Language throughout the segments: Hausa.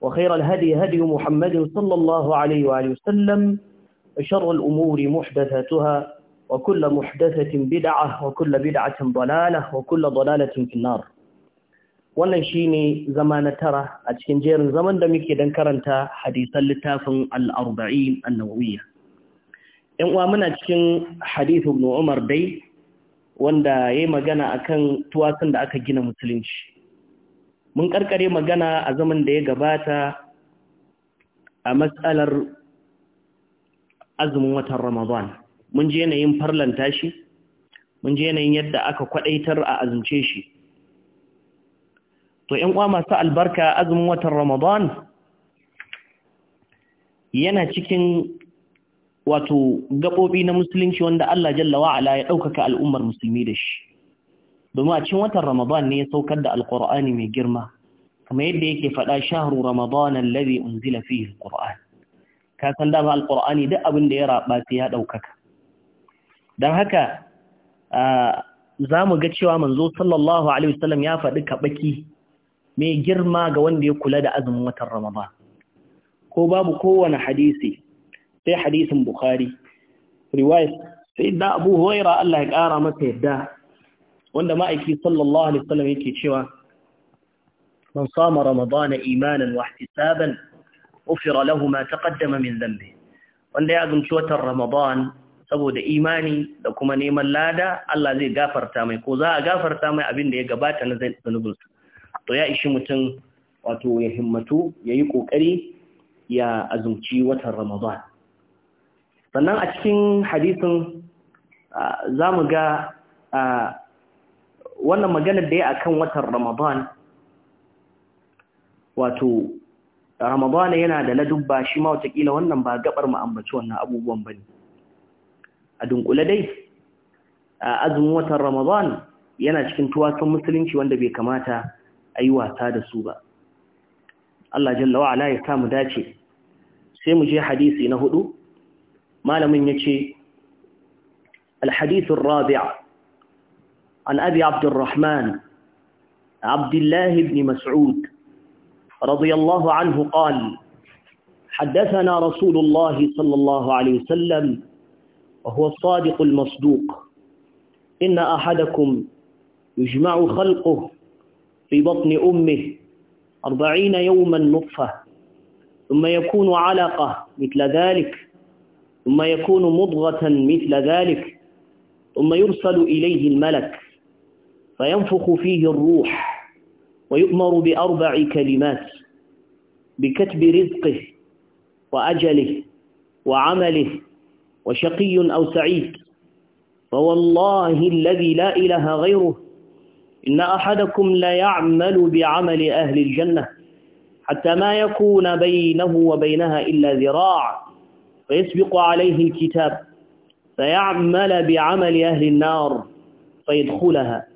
وخير الهدي هدي محمد صلى الله عليه وآله وسلم وشر الأمور محدثاتها وكل محدثة بدعة وكل بدعة ضلالة وكل ضلالة في النار wannan shine zama na tara a cikin jerin zaman da muke dan karanta hadisan littafin al-arba'in an-nawawiyya ɗan uwa muna cikin hadith ibn Umar dai wanda yayi magana akan tuwasan da aka gina musulunci mun karkare magana a zaman da ya gabata a matsalar azumin watan ramadan mun je yanayin farlanta shi mun je yanayin yadda aka kwadaitar a azumce shi to yan uwa masu albarka azumin watan ramadan yana cikin wato gabobi na musulunci wanda Allah jalla wa'ala ya ɗaukaka al'ummar musulmi da shi domin a cikin watan Ramadan ne ya saukar da Alƙur'ani mai girma kamar yadda yake faɗa shahar Ramadan alladhi unzila fihi alquran ka san dama Alƙur'ani duk abin da ya raba ya ɗaukaka don haka zamu ga cewa manzo sallallahu alaihi wasallam ya faɗi kabaki mai girma ga wanda ya kula da azumin watan Ramadan ko babu kowane hadisi sai hadisin Bukhari riwayat da Abu Hurairah Allah ya kara masa yadda wanda ma'aiki sallallahu alaihi wasallam yake cewa man sama ramadana imanan wa ihtisaban ufira lahu ma taqaddama min dhanbi wanda ya azumci watan ramadan saboda imani da kuma neman lada Allah zai gafarta mai ko za a gafarta mai abin da ya gabata na zanubinsa to ya ishi mutum wato ya himmatu ya yi ƙoƙari ya azumci watan ramadan sannan a cikin hadisin za mu ga wannan maganar da ya akan watan Ramadan wato Ramadan yana da ladubba shi ma watakila wannan ba gabar mu ambaci wannan abubuwan bane a dunkule dai a azumin watan Ramadan yana cikin tuwasan musulunci wanda bai kamata a yi wasa da su ba Allah jalla wa ala ya samu dace sai mu je hadisi na hudu malamin ya ce الحديث الرابع عن أبي عبد الرحمن عبد الله بن مسعود رضي الله عنه قال حدثنا رسول الله صلى الله عليه وسلم وهو الصادق المصدوق إن أحدكم يجمع خلقه في بطن أمه أربعين يوما نطفة ثم يكون علقة مثل ذلك ثم يكون مضغة مثل ذلك ثم يرسل إليه الملك فينفخ فيه الروح ويؤمر بأربع كلمات بكتب رزقه وأجله وعمله وشقي أو سعيد فوالله الذي لا إله غيره إن أحدكم ليعمل بعمل أهل الجنة حتى ما يكون بينه وبينها إلا ذراع فيسبق عليه الكتاب فيعمل بعمل أهل النار فيدخلها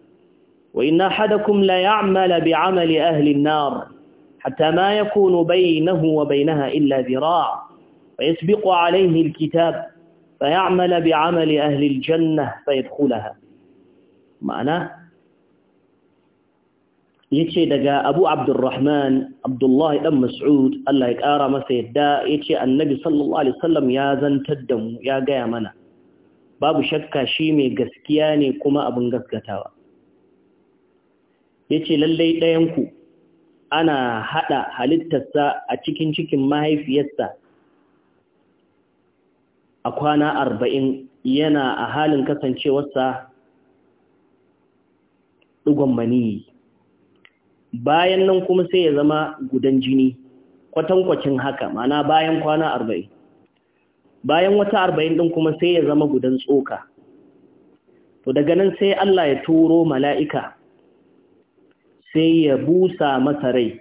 وإن أحدكم ليعمل بعمل أهل النار حتى ما يكون بينه وبينها إلا ذراع فيسبق عليه الكتاب فيعمل بعمل أهل الجنة فيدخلها معنى يتشي دقاء أبو عبد الرحمن عبد الله أم مسعود قال لك آرى ما سيدا يتشي النبي صلى الله عليه وسلم يا ذن تدم يا قيامنا باب شكا شيمي قسكياني كما أبن قسكتاوه yace lallai ɗayanku ana haɗa halittarsa a cikin cikin mahaifiyarsa a kwana arba'in yana a halin kasancewarsa ɗigon maniyi bayan nan kuma sai ya zama gudan jini kwatankwacin haka mana bayan kwana arba'in bayan wata arba'in ɗin kuma sai ya zama gudan tsoka to daga nan sai Allah ya turo mala'ika sai ya busa masa rai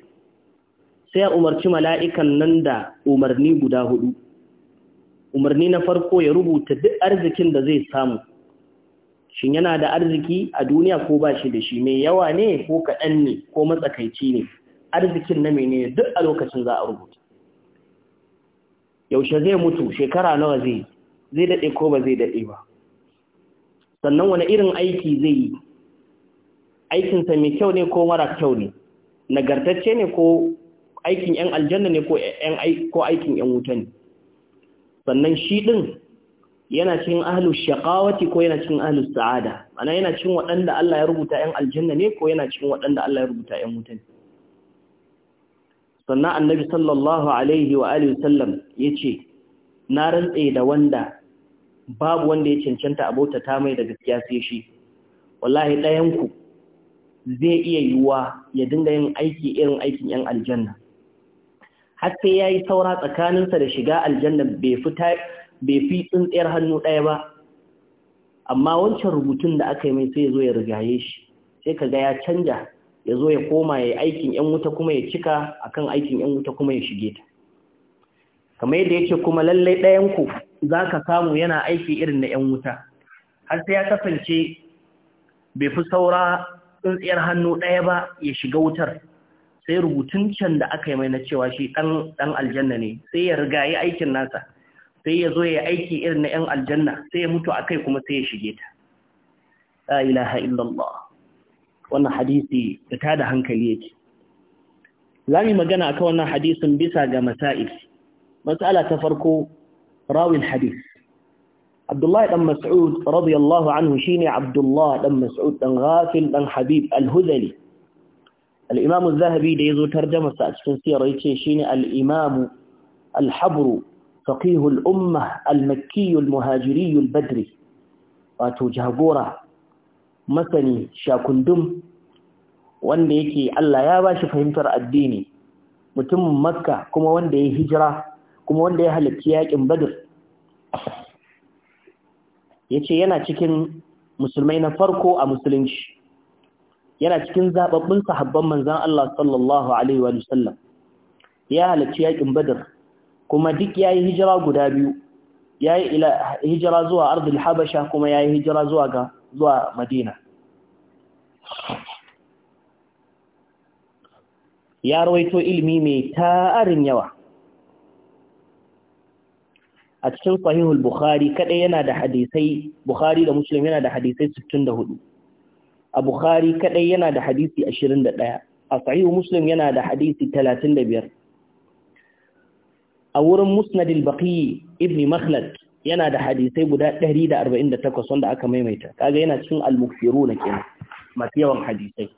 sai ya umarci mala'ikan nan da umarni guda hudu umarni na farko ya rubuta duk arzikin da zai samu shin yana da arziki a duniya ko ba shi da shi mai yawa ne ko kaɗan ne ko matsakaici ne arzikin na mene duk a lokacin za a rubuta yaushe zai mutu shekara nawa zai zai daɗe ko ba zai daɗe ba sannan wani irin aiki zai yi aikinsa mai kyau ne ko mara kyau ne nagartacce ne ko aikin ‘yan aljanna ne ko aikin ‘yan wuta ne sannan shi ɗin yana cikin ahlus shaqawati ko yana cikin ahlus sa'ada ana yana cikin waɗanda Allah ya rubuta ‘yan aljanna ne ko yana cikin waɗanda Allah ya rubuta ‘yan wuta ne sannan annabi sallallahu alaihi wa alihi sallam ya ce na rantse da wanda babu wanda ya cancanta abota ta mai da gaskiya sai shi wallahi ɗayanku zai iya yiwuwa ya dinga yin aiki irin aikin 'yan aljanna har sai ya yi saura tsakaninsa da shiga aljanna bai fi tsintsiyar hannu ɗaya ba amma wancan rubutun da aka yi mai sai ya zo ya rigaye shi sai ka ga ya canja ya zo ya koma ya yi aikin 'yan wuta kuma ya cika akan aikin 'yan wuta kuma ya shige ta kamar yadda ya ce kuma lallai ɗayanku za ka samu yana aiki irin na 'yan wuta har sai ya kasance bai fi saura tsintsiyar hannu ɗaya ba ya shiga wutar sai rubutun can da aka yi mai na cewa shi ɗan aljanna ne sai ya riga ya aikin nasa sai ya zo ya aiki irin na ‘yan aljanna sai ya mutu a kai kuma sai ya shige ta la ilaha illallah wannan hadisi da ta da hankali yake za mu magana akan wannan hadisin bisa ga masa'il mas'ala ta farko rawin hadis Abdullahi dan Mas'ud radiyallahu anhu shine Abdullahi dan Mas'ud ɗan Ghafil ɗan Habib al-Hudhali al-Imam zahabi da ya zo sa a cikin siyar yace shi ne Al'imamu al-Habr faqih umma al-Makki al badri wato jagora masani shakundum wanda yake Allah ya bashi fahimtar addini mutumin Makka kuma wanda ya hijira kuma wanda ya halarci yaƙin Badr Ya ce yana cikin musulmai na farko a musulunci yana cikin zababbin sahabban manzan Allah sallallahu alaihi wa ya halarci yakin badar kuma duk yayi hijira guda biyu yayi yi hijira zuwa ardul habasha kuma yayi hijira zuwa ga zuwa madina ya rawaito ilimi mai tarin yawa a cikin sahihul bukhari kadai yana da hadisai bukhari da muslim yana da hadisai 64 a bukhari kadai yana da hadisi 21 a sahihu muslim yana da hadisi 35 a wurin al baqi ibn makhlad yana da hadisai guda 148 wanda aka maimaita kaga yana cikin al mukthiruna kenan masu yawan hadisai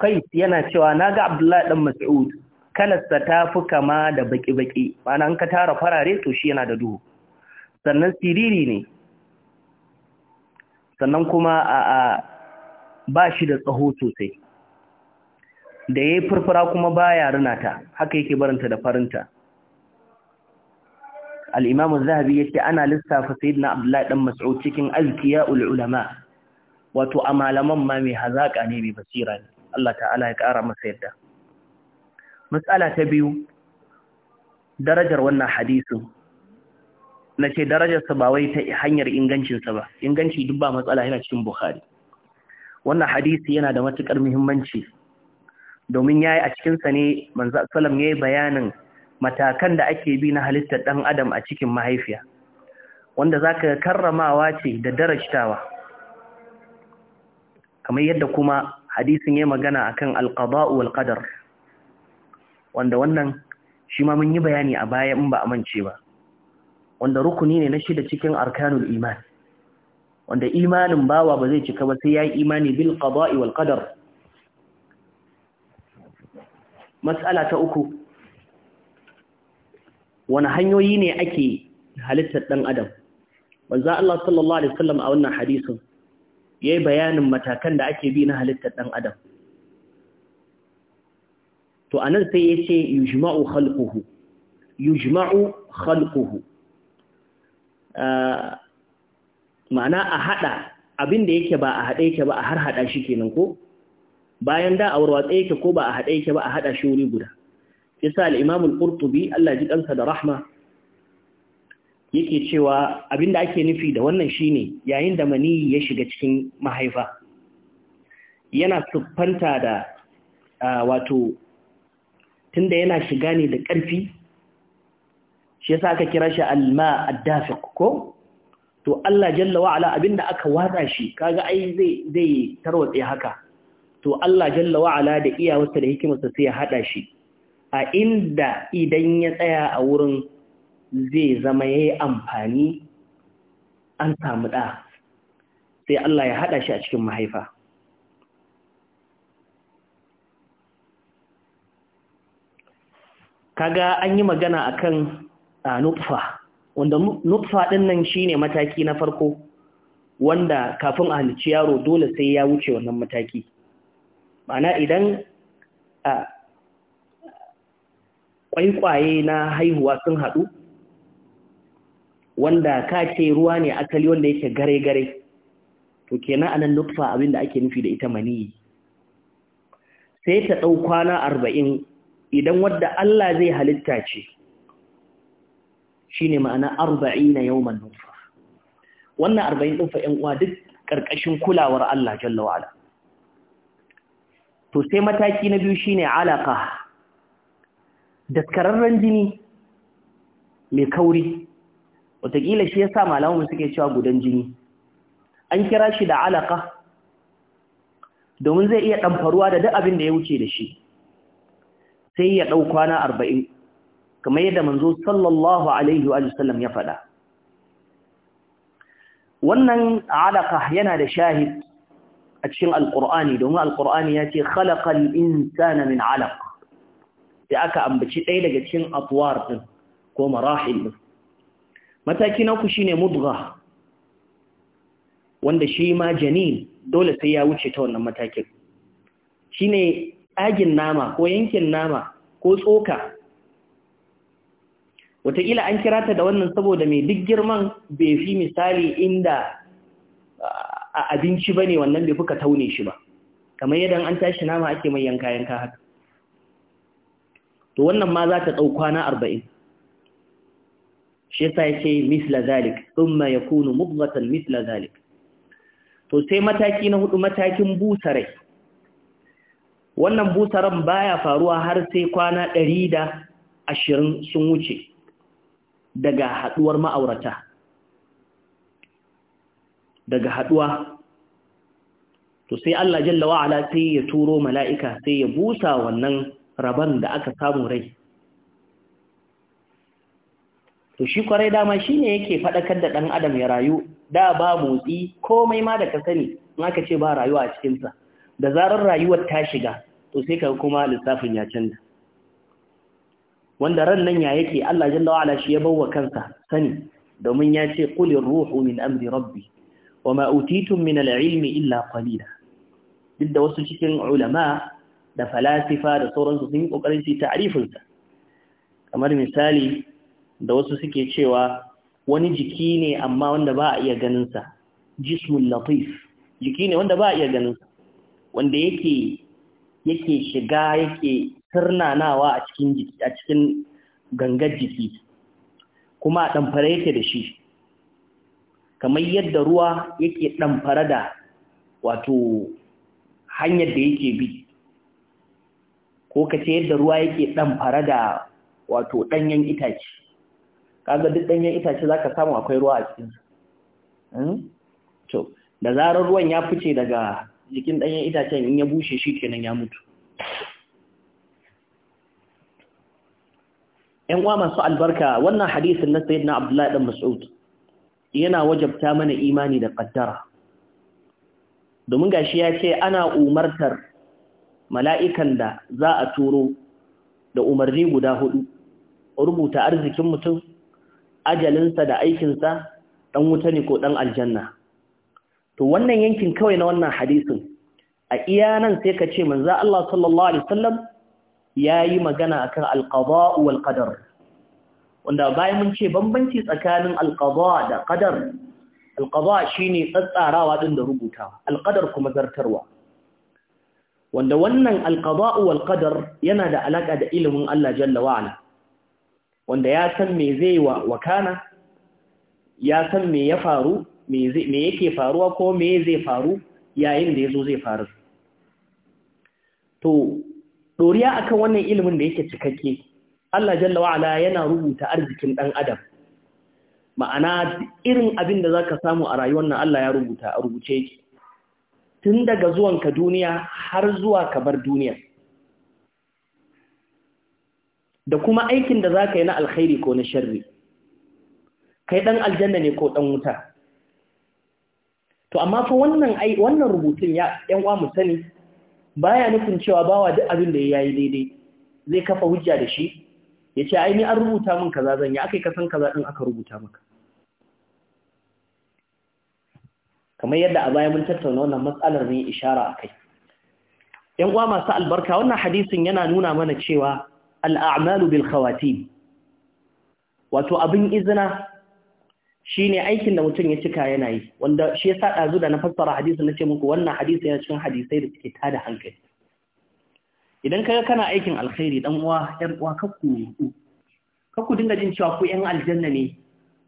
kai yana cewa naga abdullahi dan mas'ud kalarsa ta fi kama da baki-baki ma'ana an ka tara farare to shi yana da duhu sannan siriri ne sannan kuma a a ba shi da tsaho sosai da ya yi furfura kuma ba ya ta, haka yake barinta da farinta al'imamu zahabi ya ce ana lissafa sai na abdullahi ɗan mas'ud cikin azkiya ul'ulama wato a malaman ma mai hazaƙa ne mai basira ne Allah ta'ala ya ƙara masa yadda matsala ta biyu darajar wannan hadisin na ce darajarsa ba wai ta hanyar ingancinsa ba inganci duk ba matsala yana cikin bukhari wannan hadisi yana da matuƙar muhimmanci domin ya yi a cikinsa ne manzo salam ya yi bayanin matakan da ake bi na halittar ɗan adam a cikin mahaifiya wanda za ka karramawa ce da darajtawa kamar yadda kuma hadisin ya magana akan alqada'u wal qadar wanda wannan shi ma mun yi bayani a baya in ba a mance ba wanda rukuni ne na shida cikin arkanul iman wanda imanin bawa ba zai cika ba sai ya yi imani bil qada'i wal qadar mas'ala ta uku wani hanyoyi ne ake halittar dan adam manzo Allah sallallahu alaihi wasallam a wannan hadisin yayi bayanin matakan da ake bi na halittar dan adam to anan sai ya ce yujma'u khalquhu yujma'u khalquhu ah, ma'ana a hada abin da yake ba a hada yake ba a har hada shi kenan ko bayan da a warwatsa yake ko ba a haɗa yake ba a hada shi wuri guda yasa al-imam al-qurtubi Allah ji kansa da rahma yake cewa abin da ake nufi da wannan shine yayin da mani ya shiga cikin mahaifa yana tuffanta da ah, wato tunda yana shiga ne da ƙarfi shi yasa aka kira shi alma addafiq ko to Allah jalla wa ala abinda aka watsa shi kaga ai zai zai tarwatse haka to Allah jalla wa ala da iyawarsa da hikimarsa sai ya hada shi a inda idan ya tsaya a wurin zai zama yayi amfani an samu da sai Allah ya hada shi a cikin mahaifa kaga an yi magana a akan ah, nutfa wanda nutfa ɗin nan shi ne mataki na farko wanda kafin a halicci yaro dole sai ya wuce wannan mataki ma'ana idan ah, kwaikwaye na haihuwa sun haɗu wanda ka ce ruwa ne asali wanda yake gare-gare to kenan anan nutfa abinda ake nufi da ita maniyi sai ta ɗau kwana arba'in idan wadda Allah zai halitta ce shine ma'ana 40 yawman nufa wannan 40 din fa uwa duk ƙarƙashin kulawar Allah jalla wa'ala to sai mataki na biyu shine alaƙa. daskararren jini mai kauri watakila shi ya sa malamu suke cewa gudan jini an kira shi da alaka domin zai iya ɗamfaruwa da duk abin da ya wuce da shi sai ya ɗau kwana arba'in kamar yadda manzo sallallahu alaihi wa sallam ya faɗa wannan alaƙa yana da shahid a cikin alƙur'ani domin alƙur'ani ya ce khalaƙa insana min alaƙ sai aka ambaci ɗaya daga cikin afuwar ɗin ko marahil ɗin mataki na shine mudga wanda shi ma janin dole sai ya wuce ta wannan matakin shine Ɗagin nama ko yankin nama ko tsoka wataƙila an kira ta da wannan saboda mai duk girman bai fi misali inda a abinci ba ne wannan bai fuka taune shi ba kamar yadda an tashi nama ake mai yanka yanka haka to wannan ma za ta ɗau kwana arba'in shi sa ya ce misla zalik ya yakunu mubghatan misla zalik to sai mataki na hudu matakin busa rai wannan busaran baya faruwa har sai kwana ɗari da ashirin sun wuce daga haɗuwar ma'aurata daga haɗuwa to sai Allah jalla wa'ala sai ya turo mala'ika sai ya busa wannan rabon da aka samu rai to shi kwarai dama shi ne yake faɗakar da ɗan adam ya rayu da ba motsi komai ma da ka sani in aka ce ba rayuwa a cikinsa da zarar rayuwar ta shiga to sai ka kuma lissafin ya canza wanda ran nan ya yake Allah jalla wa'ala shi ya bawa kansa sani domin ya ce qulir ruhu min amri rabbi wama utitum min al-ilmi illa qalila duk da wasu cikin ulama da falasifa da sauransu sun yi kokarin su ta'rifin sa kamar misali da wasu suke cewa wani jiki ne amma wanda ba a iya ganin sa jismul latif jiki ne wanda ba a iya ganin sa wanda yake yake shiga yake sirnanawa a cikin jiki a cikin gangar jiki kuma ɗamfare yake da shi kamar yadda ruwa yake fara da wato hanyar da yake bi ko kace yadda ruwa yake fara da wato ɗanyen itace kaga duk ɗanyen itace za ka samu akwai ruwa a cikin hmm? to da zarar ruwan ya fice daga jikin ɗanyen itacen in ya bushe shi kenan ya mutu ‘yan uwa masu albarka wannan hadisin na sayyidina abdullahi ɗan mas'ud yana wajabta mana imani da ƙaddara domin gashi ya ce ana umartar mala'ikan da za a turo da umarni guda hudu rubuta arzikin mutum ajalinsa da aikinsa ɗan wuta ne ko ɗan aljanna to wannan yankin kawai na wannan hadisin a iya nan sai ka ce manzo Allah sallallahu alaihi wasallam yayi magana akan al-qada wal qadar wanda bayan mun ce bambanci tsakanin al da qadar al-qada shine tsatsarawa din da rubuta al-qadar kuma zartarwa wanda wannan alƙada'u wal qadar yana da alaka da ilimin Allah jalla wa ala wanda ya san me zai wa wakana ya san me ya faru me yake faruwa ko me zai faru yayin da ya zo zai faru to doriya akan wannan ilimin da yake cikakke Allah jalla wa'ala yana rubuta arzikin ɗan adam ma'ana irin abin da zaka samu a rayuwar nan Allah ya rubuta a rubuce yake tun daga zuwan ka duniya har zuwa ka bar duniya da kuma aikin da zaka yi na alkhairi ko na sharri kai ɗan aljanna ne ko ɗan wuta to amma fa wannan ai wannan rubutun ya ɗan uwa mu sani baya nufin cewa bawa duk abin da ya yi daidai zai kafa hujja da shi ya ce ai ni an rubuta min kaza zan yi akai kasan kaza din aka rubuta maka kamar yadda a baya mun tattauna wannan matsalar ne ishara akai yan uwa masu albarka wannan hadisin yana nuna mana cewa al'amalu bil khawatim wato abin izina Shi ne aikin da mutum ya cika yana yi wanda shi ya dazu da na fassara na ce muku wannan hadisi yana cikin hadisai da suke tada hankali idan kaga kana aikin alkhairi dan uwa yar uwa kakku kakku dinga jin cewa ku yan aljanna ne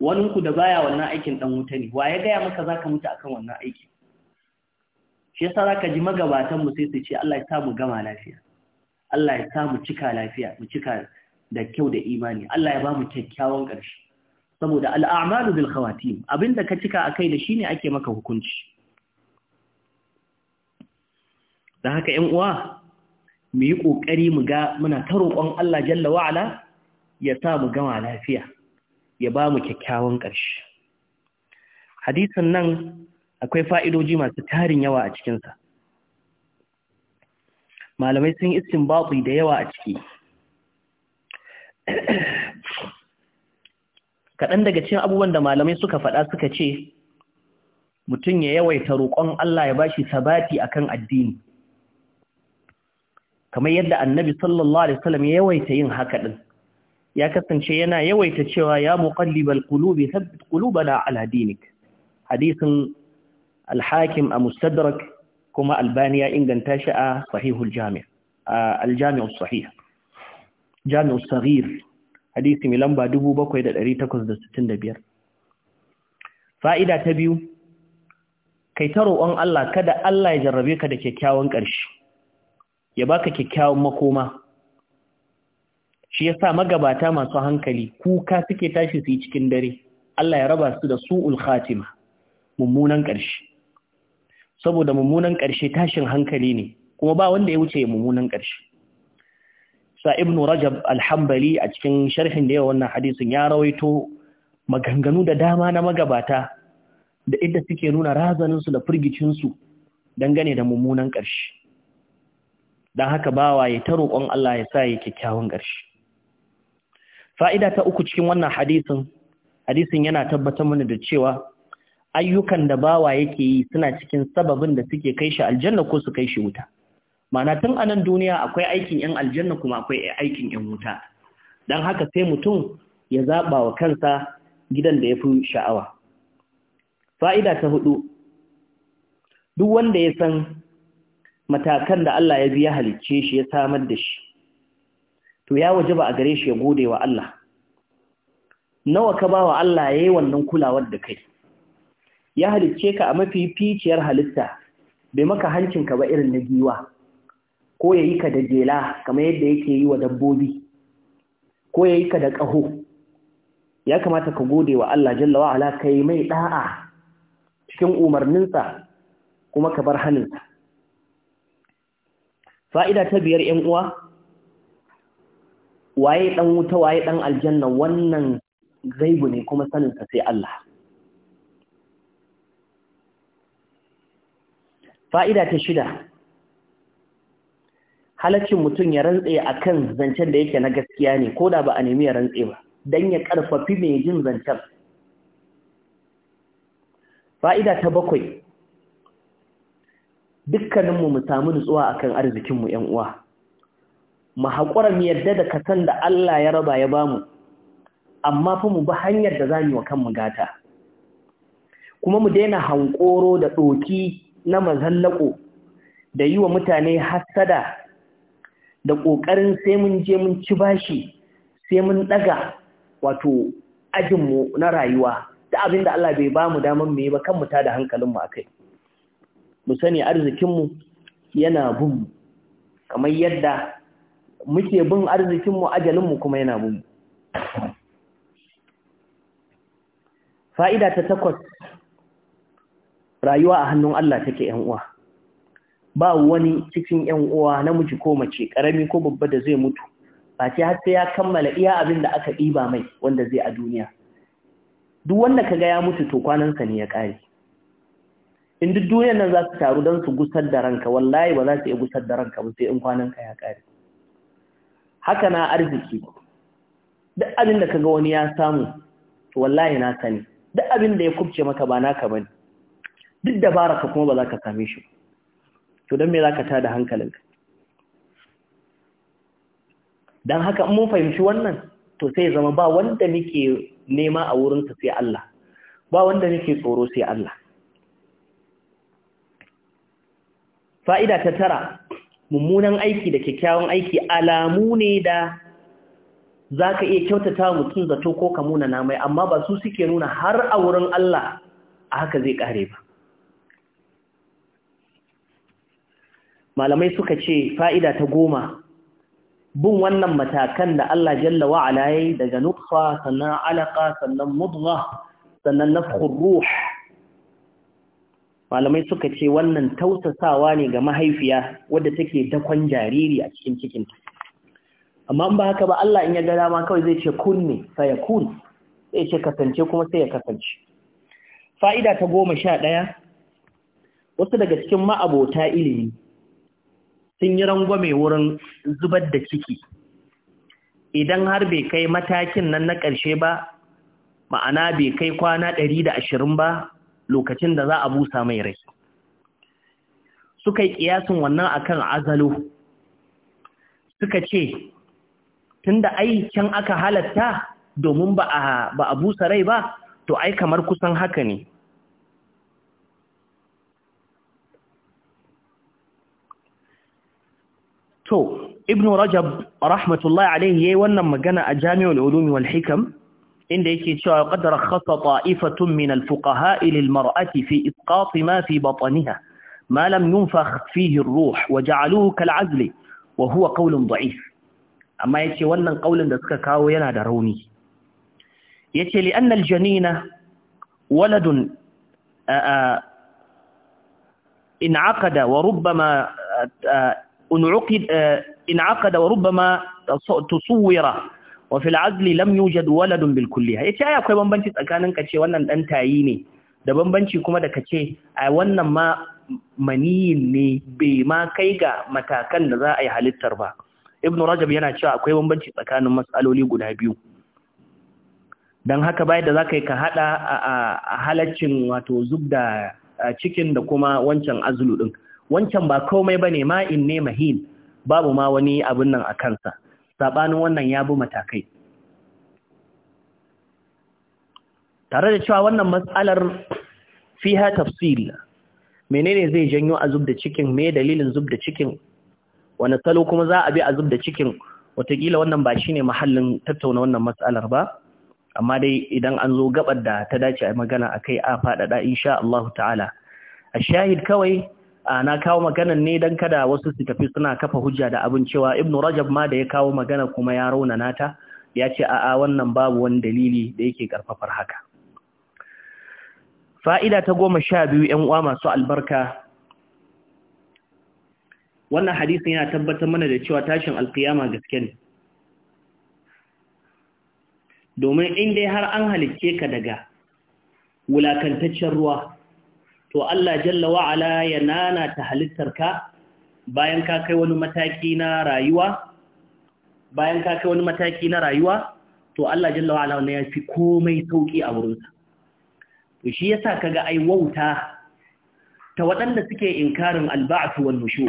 wani ku da baya wannan aikin dan wuta ne wa ya gaya maka zaka mutu akan wannan aikin shi yasa zaka ji magabatan mu sai su ce Allah ya sa mu gama lafiya Allah ya sa mu cika lafiya mu cika da kyau da imani Allah ya ba mu kyakkyawan ƙarshe saboda al'amalu bil khawatim abinda ka cika a kai da shi ne ake maka hukunci da haka ‘yan’uwa uwa mu yi ƙoƙari mu ga muna ta roƙon Allah jalla wa’ala ya sa mu gama lafiya ya ba mu kyakkyawan ƙarshe hadisin nan akwai fa'idoji masu tarin yawa a cikinsa malamai sun yi istinbati da yawa a ciki kaɗan daga cikin abubuwan da malamai suka faɗa suka ce mutum ya yawaita roƙon Allah ya bashi sabati akan addini kamar yadda annabi sallallahu alaihi wasallam ya yawaita yin haka din ya kasance yana yawaita cewa ya muqallibal qulubi thabbit qulubana ala dinik hadisin Alhakim hakim a mustadrak kuma albani ya inganta shi a hadisi mai lamba 7865 fa'ida ta biyu kai ta roƙon Allah kada Allah ya jarrabe ka da kyakkyawan ƙarshe ya baka kyakkyawan makoma shi yasa magabata masu hankali kuka suke tashi su yi cikin dare Allah ya raba su da su'ul khatima mummunan ƙarshe saboda mummunan ƙarshe tashin hankali ne kuma ba wanda ya wuce mummunan ƙarshe sa ibn rajab alhambali a cikin sharhin da yawa wannan hadisin ya rawaito maganganu da dama na magabata da idda suke nuna razaninsu da firgicinsu dangane da mummunan ƙarshe don haka bawa ya ta roƙon Allah ya sa ya kyakkyawan ƙarshe fa'ida ta uku cikin wannan hadisin hadisin yana tabbatar mana da cewa ayyukan da bawa yake yi suna cikin sababin da suke kai shi aljanna ko su kai shi wuta mana tun anan duniya akwai aikin yan aljanna kuma akwai aikin yan wuta don haka sai mutum ya zaɓa wa kansa gidan da ya fi sha'awa fa'ida ta hudu duk wanda ya san matakan da Allah ya biya halicce shi ya samar da shi to ya waje ba a gare shi ya gode wa Allah nawa ka ba wa Allah ya yi wannan kulawar da kai ya halicce ka a mafi ficiyar halitta bai maka hancinka ba irin na giwa ko ya yi ka da jela kamar yadda yake yi wa dabbobi ko ya yi ka da ƙaho ya kamata ka gode wa Allah jalla wa ala kai mai da'a cikin umarninsa kuma ka bar hannunsa fa'ida ta biyar ‘yan uwa waye ɗan wuta waye ɗan aljanna wannan zaibu ne kuma saninsa sai Allah fa'ida ta shida halaccin mutum ya rantse a kan zancen da yake na gaskiya ne ko da ba a nemi ya rantse ba don ya ƙarfafi mai jin zancen fa'ida ta bakwai dukkaninmu mu samu nutsuwa a kan arzikinmu uwa. mu haƙura mu yadda da kasan da Allah ya raba ya bamu amma fa mu bi hanyar da za mu yi wa kanmu gata kuma mu daina hankoro da ɗoki na mazallako da yi wa mutane hassada da ƙoƙarin sai mun je mun ci bashi sai mun ɗaga wato ajinmu na rayuwa da abin da Allah bai ba mu damar mai ba kan mu da hankalinmu a kai. Mu sani arzikinmu yana bin mu, kamar yadda muke bin arzikinmu ajalinmu kuma yana bin mu. Fa'ida ta takwas, rayuwa a hannun Allah take uwa. ba wani cikin ‘yan uwa namiji ko mace ƙarami ko babba da zai mutu ba sai har sai ya kammala iya abin da aka ɗiba mai wanda zai a duniya duk wanda kaga ya mutu to kwanansa ne ya kare. in duk duniyar nan za su taru don su gusar da ranka wallahi ba za su iya gusar da ranka ba sai in kwananka ya kare. haka na arziki duk abin da kaga wani ya samu to wallahi na sani duk abin da ya kubce maka ba naka bane duk dabara ka kuma ba za ka same shi ba to don me za ka tada hankalinka don haka mun fahimci wannan to sai zama ba wanda muke nema a wurinsa sai Allah ba wanda muke tsoro sai Allah fa'ida ta tara mummunan aiki da kyakkyawan aiki alamu ne da za ka iya kyautata mutum zato ko ka muna namai amma ba su suke nuna har a wurin Allah a haka zai ƙare ba malamai suka ce fa'ida ta goma bin wannan matakan da Allah jalla wa'ala ya daga Nufa sannan alaka sannan mudgha sannan nafkhur ruh malamai suka ce wannan tausasawa ne ga mahaifiya wadda take dakon jariri a cikin cikinta amma ba haka ba Allah in ya ga dama kawai zai ce kun ne fa ya kun zai ce kasance kuma sai ya kasance fa'ida ta goma sha ɗaya wasu daga cikin ma'abota ilimi sun yi rangwame wurin zubar da ciki idan har bai kai matakin nan na ƙarshe ba ma'ana bai kai kwana ɗari da ashirin ba lokacin da za a busa mai rai suka yi ƙiyasin wannan akan azalo suka ce tunda da can aka halatta domin ba a busa rai ba to ai kamar kusan haka ne تو ابن رجب رحمة الله عليه يوانا مجانا أجامع العلوم والحكم إن ديكي شو قد رخص طائفة من الفقهاء للمرأة في إسقاط ما في بطنها ما لم ينفخ فيه الروح وجعلوه كالعزل وهو قول ضعيف أما يتي وانا قولا دسك كاو ينادروني يتي لأن الجنين ولد انعقد وربما انعقد انعقد وربما تصور وفي العزل لم يوجد ولد بالكليه yace ai akwai bambanci tsakanin kace wannan dan tayi ne da bambanci kuma da kace a wannan ma ne bai ma kai ga matakan da za a yi halittar ba ibn rajab yana cewa akwai bambanci tsakanin matsaloli guda biyu don haka bayan da za ka yi ka haɗa a halaccin wato zub da cikin da kuma wancan azulu ɗin wancan ba komai bane ma in ne mahin babu ma wani abin nan a kansa sabanin wannan ya bi matakai tare da cewa wannan matsalar fiha tafsil menene zai janyo a zub da cikin me dalilin zub da cikin wani salo kuma za a bi a zub da cikin watakila wannan ba shine mahallin tattauna wannan matsalar ba amma dai idan an zo gabar da ta dace a magana akai a faɗaɗa insha Allah ta'ala a shahid kawai na kawo maganan ne don kada wasu su tafi suna kafa hujja da abin cewa ibnu rajab ma da ya kawo magana kuma ya rauna nata ya ce a'a wannan babu wani dalili da yake karfafar haka fa'ida ta goma sha biyu ‘yan uwa masu albarka wannan hadisin yana tabbatar mana da cewa tashin alkiyama gaske ne domin in dai har an halicce ka daga wulakantaccen ruwa to Allah jalla wa ala ya nana ta halittarka bayan ka kai wani mataki na rayuwa bayan ka kai wani mataki na rayuwa to Allah jalla wa'ala wannan ya fi komai sauki a wurinsa to shi yasa kaga ai wauta ta waɗanda suke inkarin alba'ath wal mushu.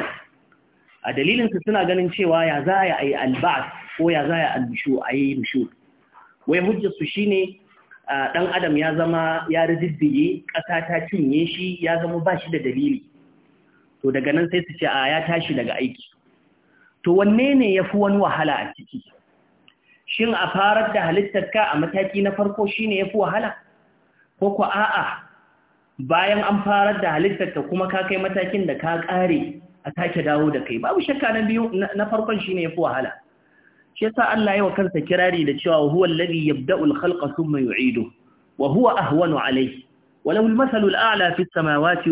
a dalilinsu suna ganin cewa ya za ya yi alba'as ko ya za ya yi albishu a yi wai hujjar su shine ɗan adam ya zama ya riziddiye ƙasa ta cinye shi ya zama ba shi da dalili to daga nan sai su ce a ya tashi daga aiki to wanne ne ya fi wani wahala a ciki shin a farar da halittar ka a mataki na farko shi ne ya fi wahala ko ku a'a bayan an farar da halittar ka kuma ka kai matakin da ka kare a take dawo da kai babu shakka na biyu na farkon shi ne ya fi wahala shi yasa Allah yawa kansa kirari da cewa huwa alladhi yabda'u al-khalqa thumma yu'idu wa huwa ahwanu alayhi wa lahu al-mathalu al-a'la fi as-samawati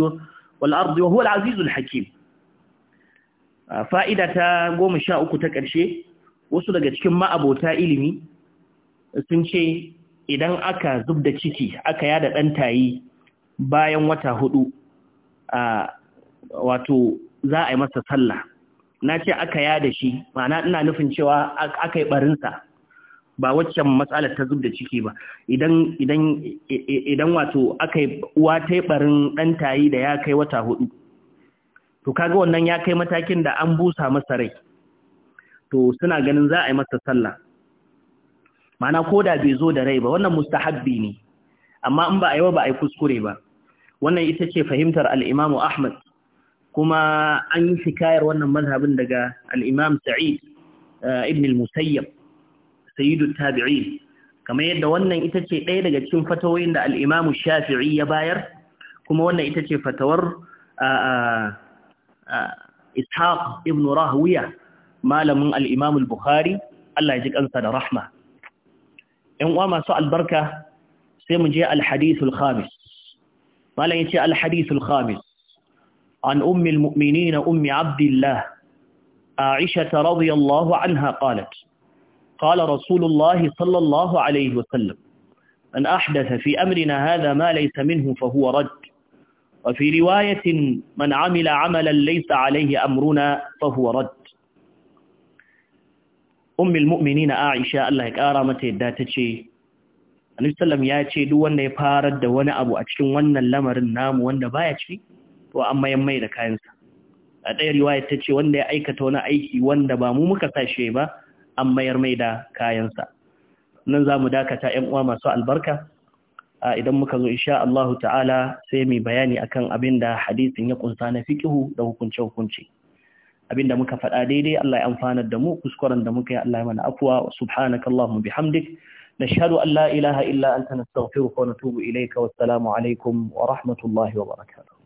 wal ardi wa huwa al-'aziz al-hakim fa'ida ta 13 ta karshe wasu daga cikin ma'abota ilimi sun ce idan aka zubda ciki aka yada dan tayi bayan wata hudu wato za a yi masa sallah na ce aka ya da shi ma'ana ina nufin cewa aka yi barinsa ba waccan matsalar ta zub da ciki ba idan wato aka yi uwa ta yi barin ɗan tayi da ya kai wata hudu to kaga wannan ya kai matakin da an busa masa rai to suna ganin za a yi masa sallah ma'ana ko da bai zo da rai ba wannan mustahabbi ne amma in ba a yi ba ba a yi kuskure ba wannan ita ce fahimtar al'imamu ahmad kuma an yi shikayar wannan mazhabin daga al-Imam Sa'id eh, ibn al-Musayyab sayyidu tabi'in kamar yadda wannan ita ce ɗaya daga cikin fatawoyin da al-Imam Shafi'i ya bayar kuma wannan ita ce fatawar Ishaq ibn Rahawiya malamin al-Imam al-Bukhari Allah ji kansa da rahma ƴan uwa masu albarka sai mu je al khamis malam yace al-hadithul khamis عن أم المؤمنين أم عبد الله عائشة رضي الله عنها قالت قال رسول الله صلى الله عليه وسلم من أحدث في أمرنا هذا ما ليس منه فهو رد وفي رواية من عمل عملا ليس عليه أمرنا فهو رد أم المؤمنين عائشة الله كارمته داتشي Annabi sallam ya ce يبارد wanda أبو أجل da wani النام a بايتشي to an mayan mai da kayansa a ɗaya riwayar ta ce wanda ya aikata wani aiki wanda ba mu muka shi ba an mayar mai da kayansa nan za mu dakata ‘yan uwa masu albarka idan muka zo insha Allahu ta'ala sai mai bayani akan abin da hadisin ya kunsa na fikihu da hukunce-hukunce abin da muka faɗa daidai Allah ya amfanar da mu kuskuren da muka yi Allah ya mana afuwa Allahumma bihamdik la ilaha illa anta nastaghfiruka wa natubu ilayka wassalamu والسلام wa rahmatullahi wa barakatuh